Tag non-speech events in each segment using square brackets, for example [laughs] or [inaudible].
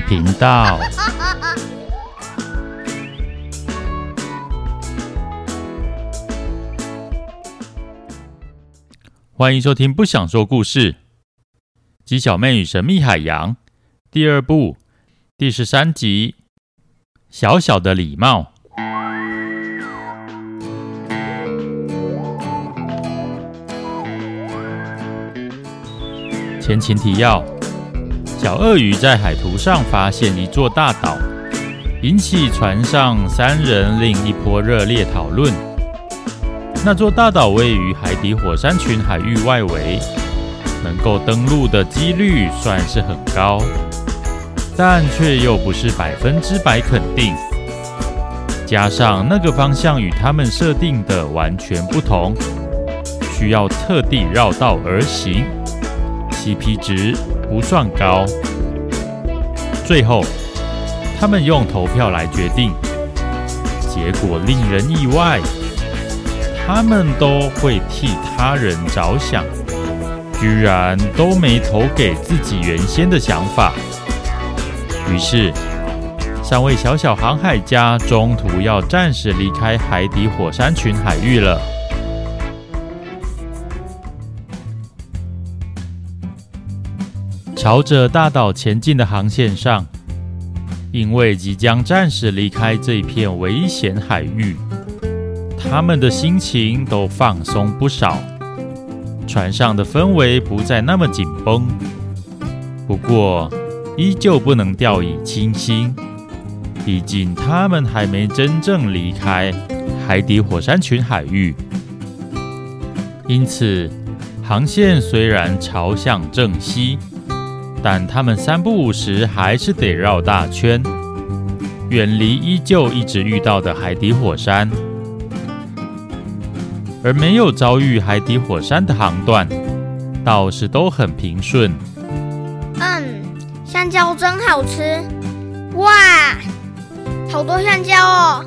頻道，歡迎收聽《不想說故事》雞小妹與神秘海洋第二部第十三集《小小的禮貌》。前情提要。小鱷魚在海圖上發現一座大島，引起船上三人另一波熱烈討論。那座大島位於海底火山群海域外圍，能夠登陸的幾率算是很高，但卻又不是百分之百肯定。加上那個方向與他們設定的完全不同，需要特地繞道而行。CP 值，不算高。最後，他們用投票來決定，結果令人意外。他們都會替他人着想，居然都沒投給自己原先的想法。於是，三位小小航海家中途要暫時離開海底火山群海域了。朝着大島前進的航線上，因為即將暫時離開這片危險海域，他們的心情都放鬆不少，船上的氛圍不再那麼緊繃。不過，依舊不能掉以輕心，畢竟他們還沒真正離開海底火山群海域。因此，航線雖然朝向正西。但他們三不五時還是得繞大圈，遠離依舊一直遇到的海底火山，而沒有遭遇海底火山的航段，倒是都很平順。嗯，香蕉真好吃！哇，好多香蕉哦，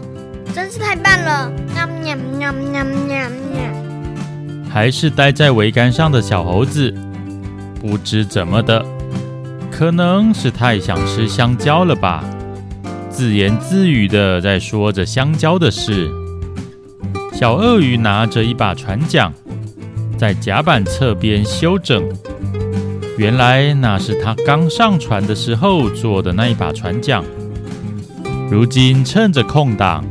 真是太棒了！喵喵喵喵喵喵。還是待在桅桿上的小猴子，不知怎麼的。可能是太想吃香蕉了吧，自言自語的在說着香蕉的事。小鱷魚拿着一把船槳，在甲板側邊修整。原來那是他剛上船的時候做的那一把船槳，如今趁着空檔，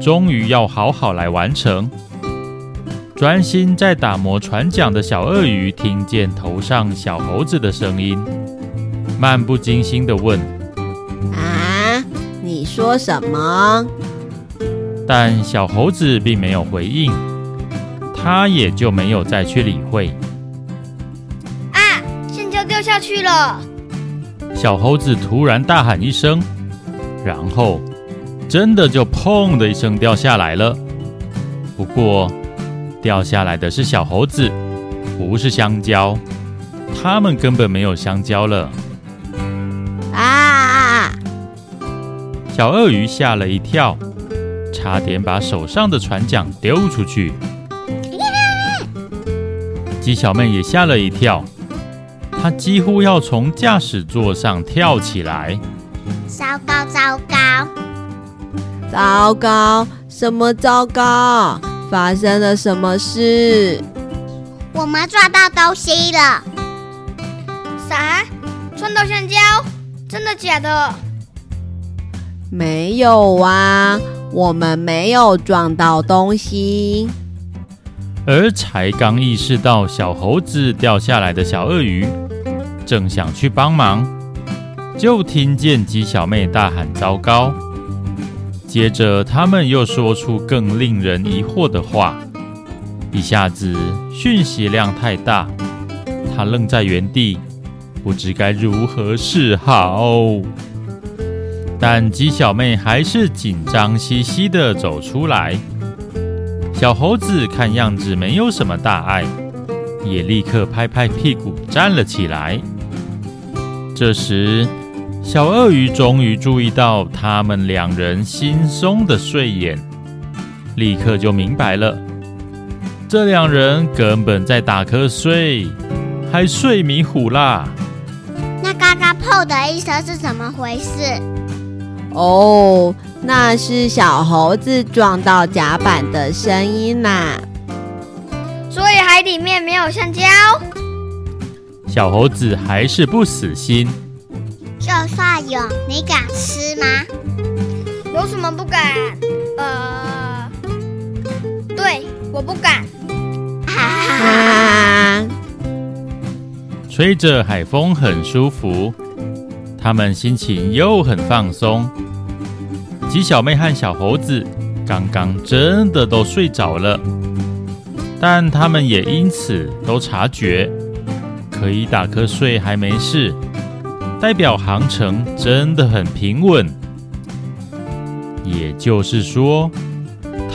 終於要好好來完成。專心在打磨船槳的小鱷魚，聽見頭上小猴子的聲音。漫不經心地問：“啊，你說什麼？”但小猴子並沒有回應，他也就沒有再去理會。啊！香蕉掉下去了！小猴子突然大喊一聲，然後真的就“砰”的一聲掉下來了。不過，掉下來的是小猴子，不是香蕉。他們根本沒有香蕉了。小鱷魚嚇了一跳，差點把手上的船槳丟出去。雞小妹也嚇了一跳，她幾乎要從駕駛座上跳起來。糟糕糟糕糟糕！什麼糟糕？發生了什麼事？我們抓到東西了？啥？穿到香蕉？真的假的？沒有啊，我們沒有撞到東西。而才剛意識到小猴子掉下來的小鱷魚，正想去幫忙，就聽見雞小妹大喊：“糟糕！”接着他們又說出更令人疑惑的話，一下子訊息量太大，他愣在原地，不知該如何是好。但雞小妹還是緊張兮兮的走出來，小猴子看樣子沒有什麼大礙，也立刻拍拍屁股站了起來。這時，小鱷魚終於注意到他們兩人惺忪的睡眼，立刻就明白了，這兩人根本在打瞌睡，還睡迷糊啦。那“嘎嘎碰”的一聲是怎麼回事？哦，oh, 那是小猴子撞到甲板的聲音啦、啊。所以海裡面沒有香蕉。小猴子還是不死心。就算有，你敢吃嗎？有什麼不敢？呃，對，我不敢。啊、哈哈。 [laughs] 吹着海風很舒服。他們心情又很放鬆，雞小妹和小猴子剛剛真的都睡着了，但他們也因此都察覺，可以打瞌睡還沒事，代表航程真的很平穩。也就是說，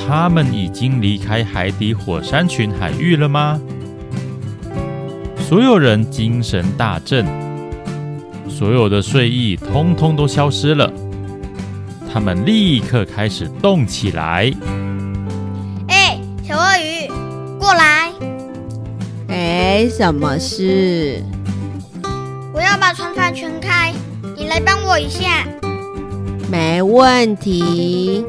他們已經離開海底火山群海域了嗎？所有人精神大振。所有的睡意通通都消失了，他們立刻開始動起來。哎、欸，小鱷魚，過來！沒、欸、什麼事？我要把船帆全開，你來幫我一下。沒問題。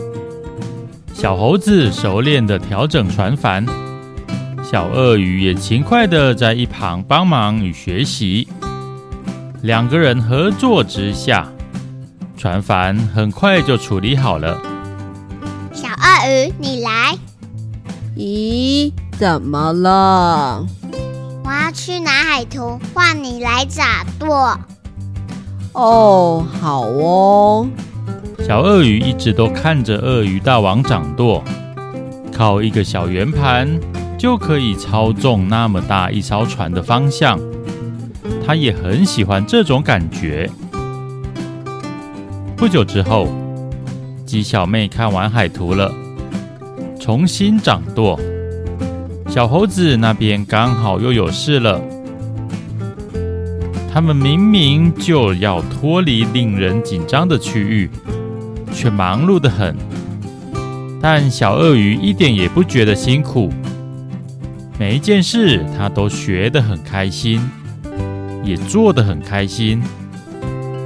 小猴子熟練的調整船帆，小鱷魚也勤快的在一旁幫忙與學習。兩個人合作之下，船帆很快就處理好了。小鱷魚，你來。咦，怎麼了？我要去拿海圖，換你來掌舵。哦，好哦。小鱷魚一直都看着鱷魚大王掌舵，靠一個小圓盤就可以操縱那麼大一艘船的方向。他也很喜歡這種感覺。不久之後，雞小妹看完海圖了，重新掌舵。小猴子那邊剛好又有事了，他們明明就要脫離令人緊張的區域，卻忙碌得很。但小鱷魚一點也不覺得辛苦，每一件事他都學得很開心。也做得很開心，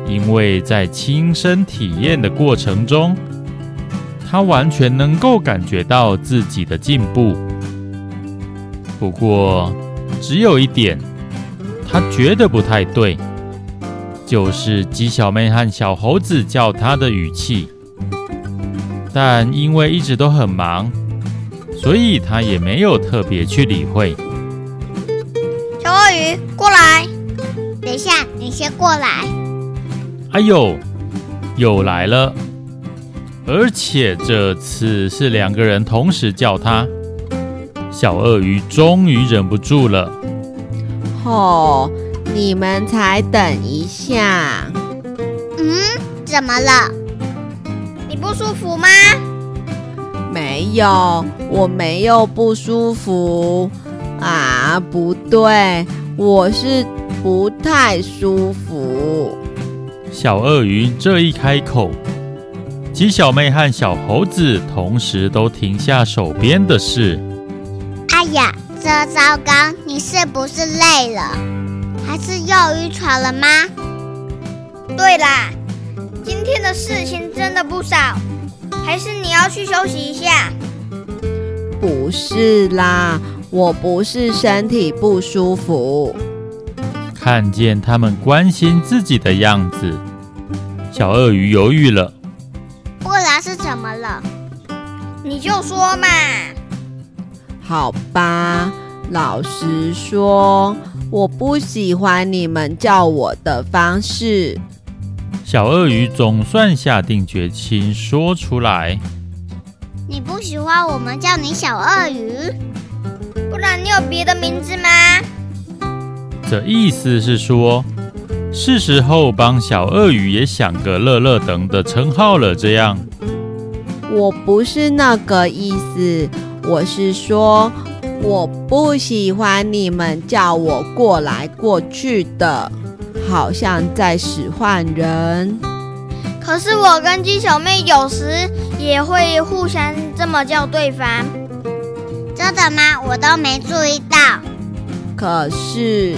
因為在親身體驗的過程中，他完全能夠感覺到自己的進步。不過，只有一點，他覺得不太對，就是雞小妹和小猴子叫他的語氣。但因為一直都很忙，所以他也沒有特別去理會。等一下，你先過來。哎呦，又來了！而且這次是兩個人同時叫他，小鱷魚終於忍不住了。吼、哦，你們才等一下。嗯，怎麼了？你不舒服嗎？沒有，我沒有不舒服。啊，不對，我是。不太舒服。小鱷魚這一開口，雞小妹和小猴子同時都停下手邊的事。哎呀，這糟糕！你是不是累了？還是又暈船了嗎？對啦，今天的事情真的不少，還是你要去休息一下？不是啦，我不是身體不舒服。看見他們關心自己的樣子，小鱷魚猶豫了。不然是怎麼了？你就說嘛。好吧，老實說，我不喜歡你們叫我的方式。小鱷魚總算下定決心說出來。你不喜歡我們叫你小鱷魚？不然你有別的名字嗎？的意思是說，是時候幫小鱷魚也想個樂樂等的稱號了。這樣，我不是那個意思，我是說，我不喜歡你們叫我過來過去的，好像在使喚人。可是我跟雞小妹有時也會互相這麼叫對方。真的嗎？我都沒注意到。可是。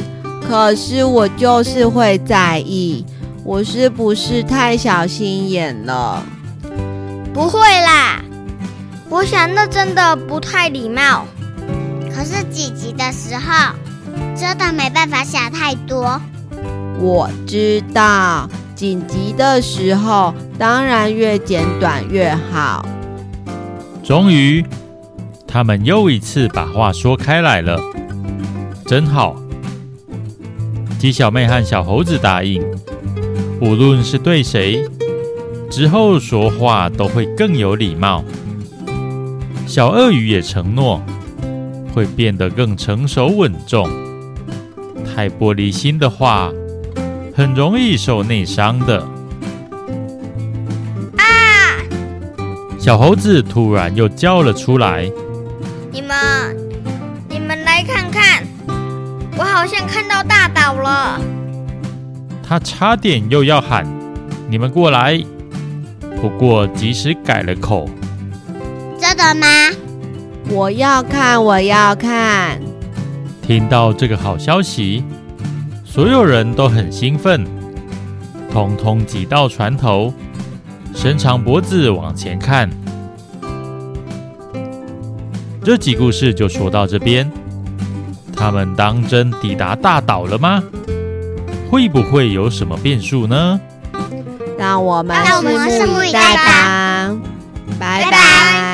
可是我就是會在意，我是不是太小心眼了？不會啦，我想那真的不太禮貌。可是緊急的時候，真的沒辦法想太多。我知道，緊急的時候當然越簡短越好。終於，他們又一次把話說開來了，真好。雞小妹和小猴子答應，無論是對誰，之後說話都會更有禮貌。小鱷魚也承諾，會變得更成熟穩重。太玻璃心的話，很容易受內傷的。啊！小猴子突然又叫了出來。我好像看到大島了。他差點又要喊：“你們過來！”不過及時改了口。真的嗎？我要看，我要看。聽到這個好消息，所有人都很興奮，通通擠到船頭，伸長脖子往前看。這集故事就說到這邊。他們當真抵達大島了嗎？會不會有什麼變數呢？讓我們拭目以待吧！拜拜。